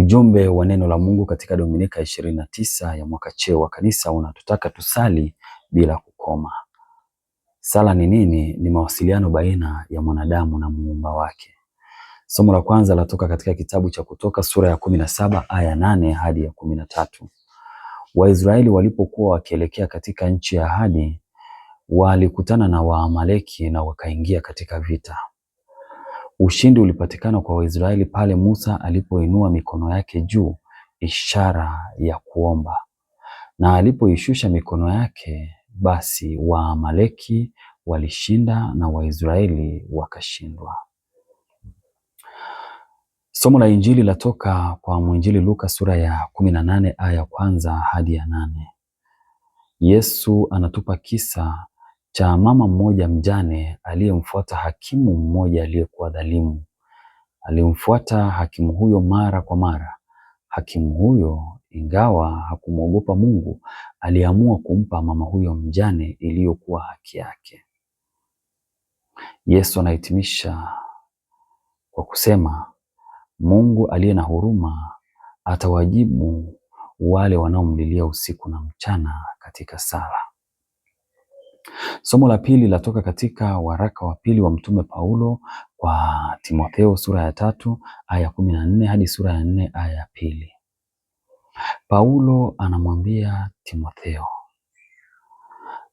Ujumbe wa neno la Mungu katika Dominika ishirini na tisa ya mwaka C wa kanisa unatutaka tusali bila kukoma. Sala ni nini? Ni mawasiliano baina ya mwanadamu na muumba wake. Somo la kwanza latoka katika kitabu cha Kutoka sura ya kumi na saba aya nane hadi ya kumi na tatu. Waisraeli walipokuwa wakielekea katika nchi ya ahadi walikutana na Waamaleki na wakaingia katika vita. Ushindi ulipatikana kwa Waisraeli pale Musa alipoinua mikono yake juu, ishara ya kuomba, na alipoishusha mikono yake, basi Waamaleki walishinda na Waisraeli wakashindwa. Somo la Injili latoka kwa mwinjili Luka sura ya kumi na nane aya ya kwanza hadi ya nane. Yesu anatupa kisa cha mama mmoja mjane aliyemfuata hakimu mmoja aliyekuwa dhalimu. Alimfuata hakimu huyo mara kwa mara. Hakimu huyo ingawa hakumwogopa Mungu, aliamua kumpa mama huyo mjane iliyokuwa haki yake. Yesu anahitimisha kwa kusema, Mungu aliye na huruma atawajibu wale wanaomlilia usiku na mchana katika sala. Somo la pili latoka katika waraka wa pili wa Mtume Paulo kwa Timotheo sura ya tatu aya kumi na nne hadi sura ya nne aya ya pili. Paulo anamwambia Timotheo,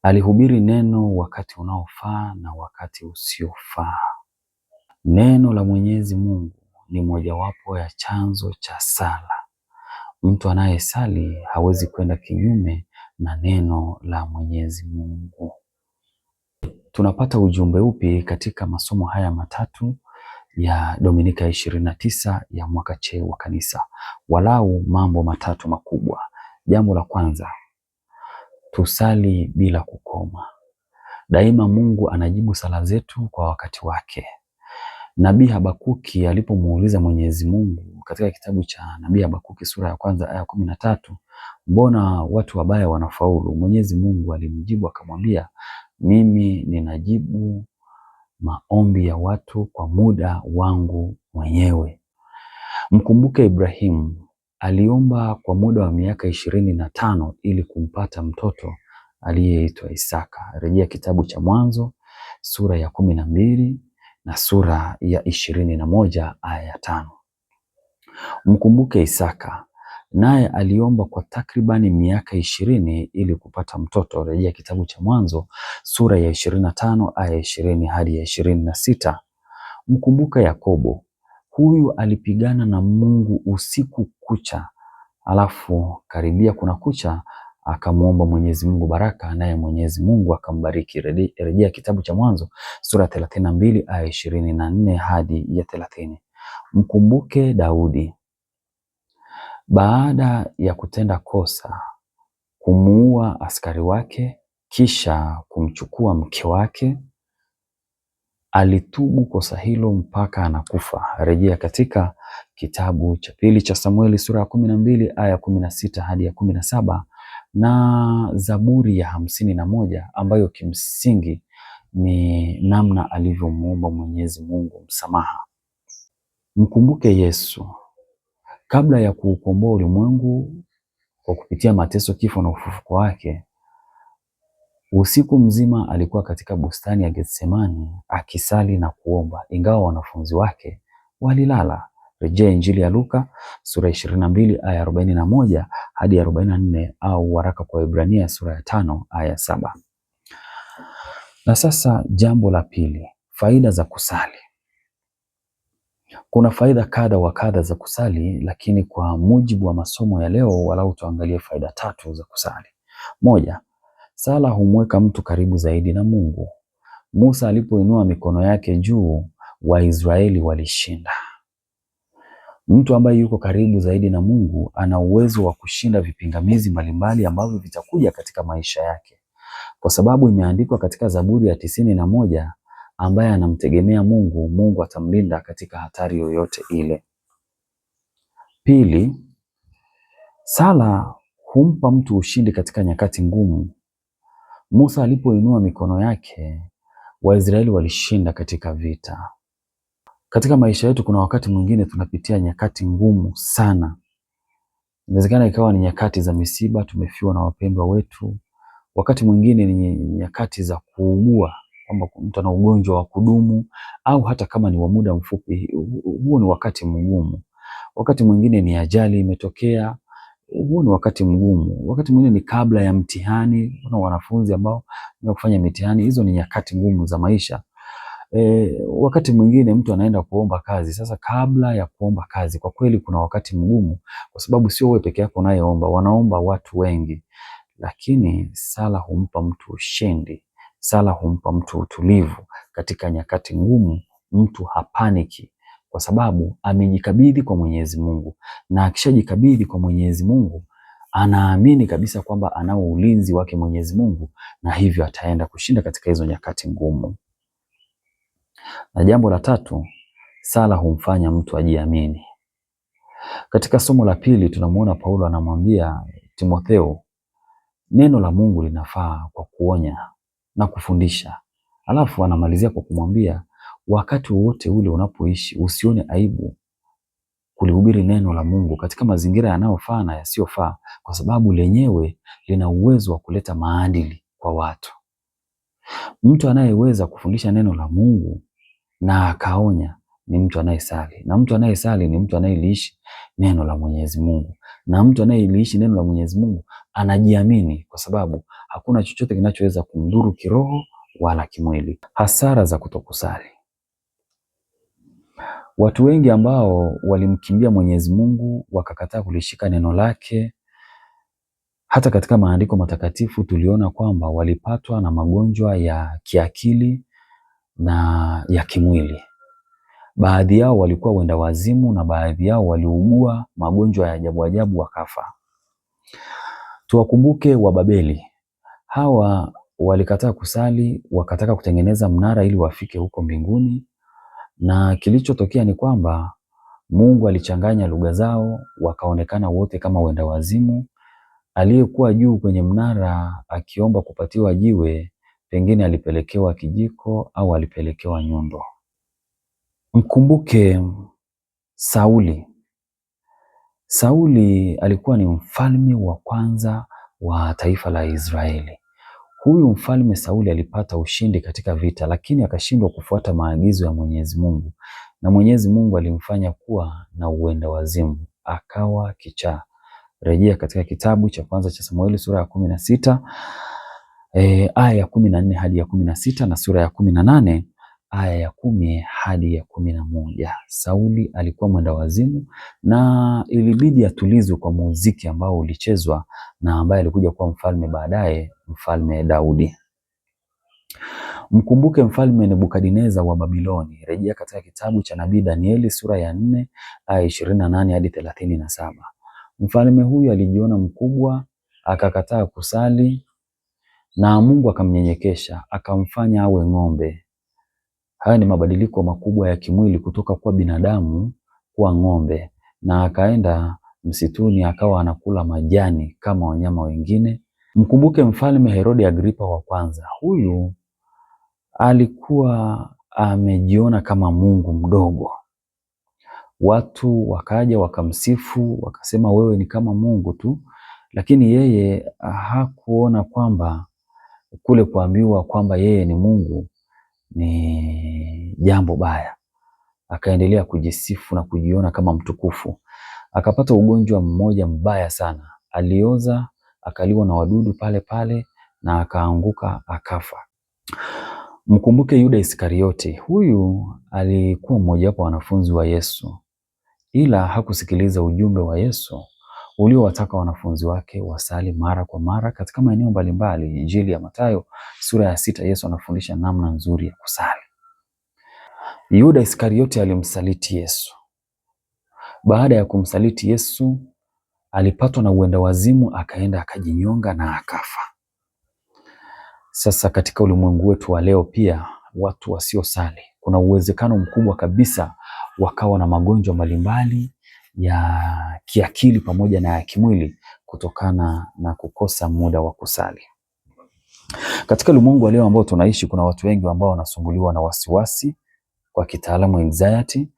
alihubiri neno wakati unaofaa na wakati usiofaa. Neno la Mwenyezi Mungu ni mojawapo ya chanzo cha sala. Mtu anayesali hawezi kwenda kinyume na neno la Mwenyezi Mungu. Tunapata ujumbe upi katika masomo haya matatu ya Dominika ya ishirini na tisa ya mwaka C wa Kanisa? Walau mambo matatu makubwa. Jambo la kwanza, tusali bila kukoma. Daima Mungu anajibu sala zetu kwa wakati wake. Nabii Habakuki alipomuuliza Mwenyezi Mungu katika kitabu cha Nabii Habakuki sura ya kwanza aya kumi na tatu mbona watu wabaya wanafaulu? Mwenyezi Mungu alimjibu akamwambia, mimi ninajibu maombi ya watu kwa muda wangu mwenyewe. Mkumbuke Ibrahimu aliomba kwa muda wa miaka ishirini na tano ili kumpata mtoto aliyeitwa Isaka. Rejea kitabu cha Mwanzo sura ya kumi na mbili na sura ya ishirini na moja aya ya tano. Mkumbuke Isaka naye aliomba kwa takribani miaka ishirini ili kupata mtoto. Rejea kitabu cha Mwanzo sura ya ishirini na tano aya ya ishirini hadi ya ishirini na sita. Mkumbuka Yakobo, huyu alipigana na Mungu usiku kucha, alafu karibia kuna kucha akamwomba Mwenyezi Mungu baraka, naye Mwenyezi Mungu akambariki. Rejea kitabu cha Mwanzo sura thelathini na mbili aya ishirini na nne hadi ya thelathini. Mkumbuke Daudi baada ya kutenda kosa kumuua askari wake kisha kumchukua mke wake, alitubu kosa hilo mpaka anakufa. Rejea katika kitabu cha pili cha Samueli sura ya kumi na mbili aya kumi na sita hadi ya kumi na saba na Zaburi ya hamsini na moja ambayo kimsingi ni namna alivyomuomba Mwenyezi Mungu msamaha. Mkumbuke Yesu kabla ya kuukomboa ulimwengu kwa kupitia mateso, kifo na ufufuko wake. Usiku mzima alikuwa katika bustani ya Getsemani akisali na kuomba, ingawa wanafunzi wake walilala. Rejea Injili ya Luka sura 22 aya 41 hadi 44 au waraka kwa Ibrania sura ya tano aya saba. Na sasa jambo la pili, faida za kusali. Kuna faida kadha wa kadha za kusali, lakini kwa mujibu wa masomo ya leo, walau tuangalie faida tatu za kusali. Moja, sala humweka mtu karibu zaidi na Mungu. Musa alipoinua mikono yake juu, Waisraeli walishinda. Mtu ambaye yuko karibu zaidi na Mungu ana uwezo wa kushinda vipingamizi mbalimbali ambavyo vitakuja katika maisha yake, kwa sababu imeandikwa katika Zaburi ya tisini na moja, ambaye anamtegemea Mungu, Mungu atamlinda katika hatari yoyote ile. Pili, sala humpa mtu ushindi katika nyakati ngumu. Musa alipoinua mikono yake, Waisraeli walishinda katika vita. Katika maisha yetu kuna wakati mwingine tunapitia nyakati ngumu sana. Inawezekana ikawa ni nyakati za misiba, tumefiwa na wapendwa wetu. Wakati mwingine ni nyakati za kuugua, kwamba mtu ana ugonjwa wa kudumu au hata kama ni wa muda mfupi, huo ni wakati mgumu. Wakati mwingine ni ajali imetokea, huo ni wakati mgumu. Wakati mwingine ni kabla ya mtihani, kuna wanafunzi ambao ni kufanya mitihani. Hizo ni nyakati ngumu za maisha E, wakati mwingine mtu anaenda kuomba kazi. Sasa kabla ya kuomba kazi, kwa kweli kuna wakati mgumu, kwa sababu sio wewe peke yako unayeomba, wanaomba watu wengi, lakini sala humpa mtu ushindi, sala humpa mtu utulivu katika nyakati ngumu. Mtu hapaniki kwa sababu amejikabidhi kwa Mwenyezi Mungu, na akishajikabidhi kwa Mwenyezi Mungu anaamini kabisa kwamba anao ulinzi wake Mwenyezi Mungu, na hivyo ataenda kushinda katika hizo nyakati ngumu. Na jambo la tatu, sala humfanya mtu ajiamini. Katika somo la pili tunamuona Paulo anamwambia Timotheo, neno la Mungu linafaa kwa kuonya na kufundisha, alafu anamalizia kwa kumwambia wakati wowote ule unapoishi usione aibu kulihubiri neno la Mungu katika mazingira yanayofaa na yasiyofaa, kwa sababu lenyewe lina uwezo wa kuleta maadili kwa watu. Mtu anayeweza kufundisha neno la Mungu na akaonya ni mtu anayesali, na mtu anayesali ni mtu anayeliishi neno la Mwenyezi Mungu, na mtu anayeliishi neno la Mwenyezi Mungu anajiamini, kwa sababu hakuna chochote kinachoweza kumdhuru kiroho wala kimwili. Hasara za kutokusali. Watu wengi ambao walimkimbia Mwenyezi Mungu wakakataa kulishika neno lake, hata katika maandiko matakatifu tuliona kwamba walipatwa na magonjwa ya kiakili na ya kimwili. Baadhi yao walikuwa wenda wazimu na baadhi yao waliugua magonjwa ya ajabu ajabu wakafa. Tuwakumbuke Wababeli. Hawa walikataa kusali, wakataka kutengeneza mnara ili wafike huko mbinguni, na kilichotokea ni kwamba Mungu alichanganya lugha zao, wakaonekana wote kama wenda wazimu. Aliyekuwa juu kwenye mnara akiomba kupatiwa jiwe Pengine alipelekewa kijiko au alipelekewa nyundo. Mkumbuke Sauli. Sauli alikuwa ni mfalme wa kwanza wa taifa la Israeli. Huyu mfalme Sauli alipata ushindi katika vita, lakini akashindwa kufuata maagizo ya Mwenyezi Mungu, na Mwenyezi Mungu alimfanya kuwa na uenda wazimu, akawa kichaa. Rejea katika kitabu cha kwanza cha Samueli sura ya kumi na sita e, aya ya kumi na nne hadi ya kumi na sita na sura ya kumi na nane aya ya kumi hadi ya kumi na moja. Sauli alikuwa mwendawazimu na ilibidi atulizwe kwa muziki ambao ulichezwa na ambaye alikuja kuwa mfalme baadaye, mfalme Daudi. Mkumbuke mfalme Nebukadineza wa Babiloni. Rejea katika kitabu cha nabii Danieli sura ya nne aya ishirini na nane hadi thelathini na saba. Mfalme huyu alijiona mkubwa, akakataa kusali na Mungu akamnyenyekesha akamfanya awe ng'ombe. Haya ni mabadiliko makubwa ya kimwili kutoka kwa binadamu kuwa ng'ombe, na akaenda msituni akawa anakula majani kama wanyama wengine. Mkumbuke Mfalme Herode Agripa wa kwanza, huyu alikuwa amejiona kama Mungu mdogo. Watu wakaja wakamsifu, wakasema wewe ni kama Mungu tu, lakini yeye hakuona kwamba kule kuambiwa kwamba yeye ni Mungu ni jambo baya. Akaendelea kujisifu na kujiona kama mtukufu. Akapata ugonjwa mmoja mbaya sana, alioza akaliwa na wadudu pale pale na akaanguka akafa. Mkumbuke Yuda Iskarioti, huyu alikuwa mmojawapo wanafunzi wa Yesu, ila hakusikiliza ujumbe wa Yesu uliowataka wanafunzi wake wasali mara kwa mara katika maeneo mbalimbali. Injili ya Mathayo sura ya sita, Yesu anafundisha namna nzuri ya kusali. Yuda Iskarioti alimsaliti Yesu. Baada ya kumsaliti Yesu, alipatwa na uenda wazimu, akaenda akajinyonga na akafa. Sasa katika ulimwengu wetu wa leo pia watu wasiosali, kuna uwezekano mkubwa kabisa wakawa na magonjwa mbalimbali ya kiakili pamoja na ya kimwili kutokana na kukosa muda wa kusali. Katika ulimwengu wa leo ambao tunaishi, kuna watu wengi ambao wanasumbuliwa na wasiwasi, kwa kitaalamu anxiety,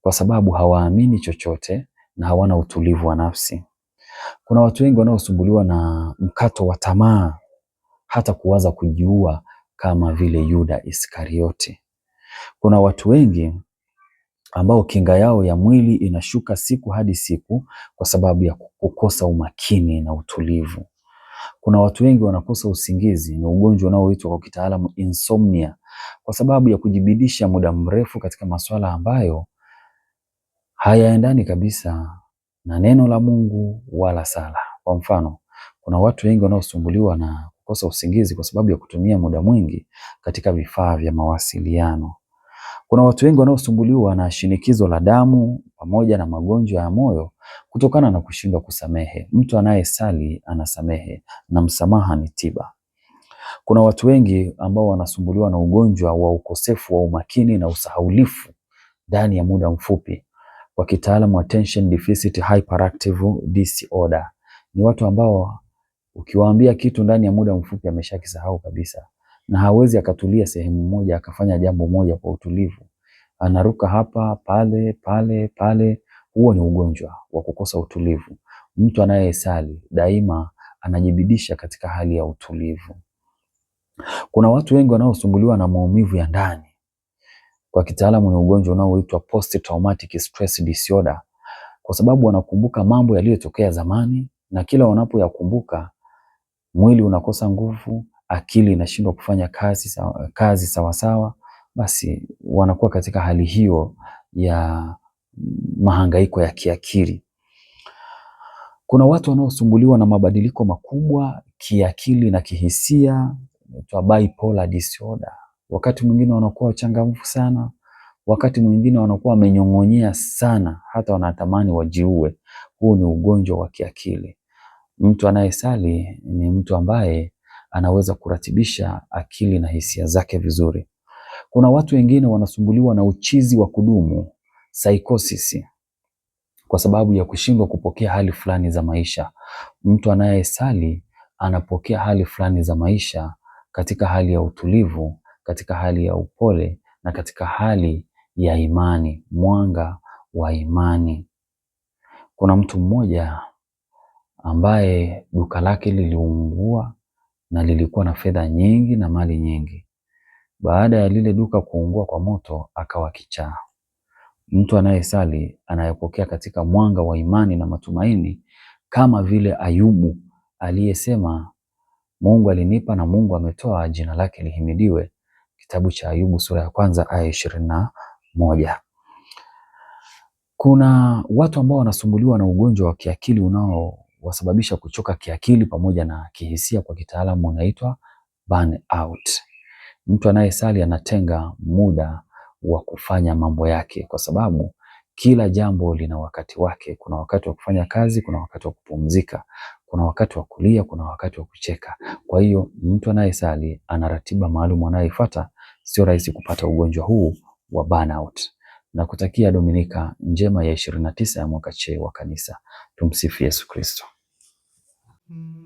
kwa sababu hawaamini chochote na hawana utulivu wa nafsi. Kuna watu wengi wanaosumbuliwa na mkato wa tamaa, hata kuwaza kujiua kama vile Yuda Iskarioti. Kuna watu wengi ambao kinga yao ya mwili inashuka siku hadi siku kwa sababu ya kukosa umakini na utulivu. Kuna watu wengi wanakosa usingizi, ni ugonjwa unaoitwa kwa kitaalamu insomnia, kwa sababu ya kujibidisha muda mrefu katika masuala ambayo hayaendani kabisa na neno la Mungu wala sala. Kwa mfano, kuna watu wengi wanaosumbuliwa na kukosa usingizi kwa sababu ya kutumia muda mwingi katika vifaa vya mawasiliano. Kuna watu wengi wanaosumbuliwa na shinikizo la damu pamoja na magonjwa ya moyo kutokana na kushindwa kusamehe. Mtu anayesali anasamehe na msamaha ni tiba. Kuna watu wengi ambao wanasumbuliwa na ugonjwa wa ukosefu wa umakini na usahaulifu ndani ya muda mfupi, kwa kitaalamu attention deficit hyperactive disorder. Ni watu ambao ukiwaambia kitu ndani ya muda mfupi ameshakisahau kabisa na hawezi akatulia sehemu moja akafanya jambo moja kwa utulivu. Anaruka hapa pale pale pale. Huo ni ugonjwa wa kukosa utulivu. Mtu anayesali daima anajibidisha katika hali ya utulivu. Kuna watu wengi wanaosumbuliwa na maumivu ya ndani, kwa kitaalamu ni ugonjwa unaoitwa post traumatic stress disorder, kwa sababu wanakumbuka mambo yaliyotokea zamani, na kila wanapoyakumbuka mwili unakosa nguvu, akili inashindwa kufanya kazi sawasawa kazi sawa, basi wanakuwa katika hali hiyo ya mahangaiko ya kiakili. Kuna watu wanaosumbuliwa na mabadiliko makubwa kiakili na kihisia, bipolar disorder. Wakati mwingine wanakuwa wachangamfu sana, wakati mwingine wanakuwa wamenyong'onyea sana, hata wanatamani wajiue. Huu ni ugonjwa wa kiakili. Mtu anayesali ni mtu ambaye anaweza kuratibisha akili na hisia zake vizuri. Kuna watu wengine wanasumbuliwa na uchizi wa kudumu psychosis, kwa sababu ya kushindwa kupokea hali fulani za maisha. Mtu anayesali anapokea hali fulani za maisha katika hali ya utulivu, katika hali ya upole na katika hali ya imani, mwanga wa imani. Kuna mtu mmoja ambaye duka lake liliungua na lilikuwa na fedha nyingi na mali nyingi. Baada ya lile duka kuungua kwa moto, akawa kichaa. Mtu anayesali anayepokea katika mwanga wa imani na matumaini, kama vile Ayubu aliyesema, Mungu alinipa na Mungu ametoa, jina lake lihimidiwe. Kitabu cha Ayubu sura ya kwanza aya ishirini na moja. Kuna watu ambao wanasumbuliwa na ugonjwa wa kiakili unao wasababisha kuchoka kiakili pamoja na kihisia, kwa kitaalamu wanaitwa burnout. Mtu anayesali anatenga muda wa kufanya mambo yake, kwa sababu kila jambo lina wakati wake. Kuna wakati wa kufanya kazi, kuna wakati wa kupumzika, kuna wakati wa kulia, kuna wakati wa kucheka. Kwa hiyo mtu anayesali ana ratiba maalum anayoifuata, sio rahisi kupata ugonjwa huu wa burnout. Na kutakia Dominika njema ya 29 ya mwaka che wa Kanisa. Tumsifu Yesu Kristo. Mm.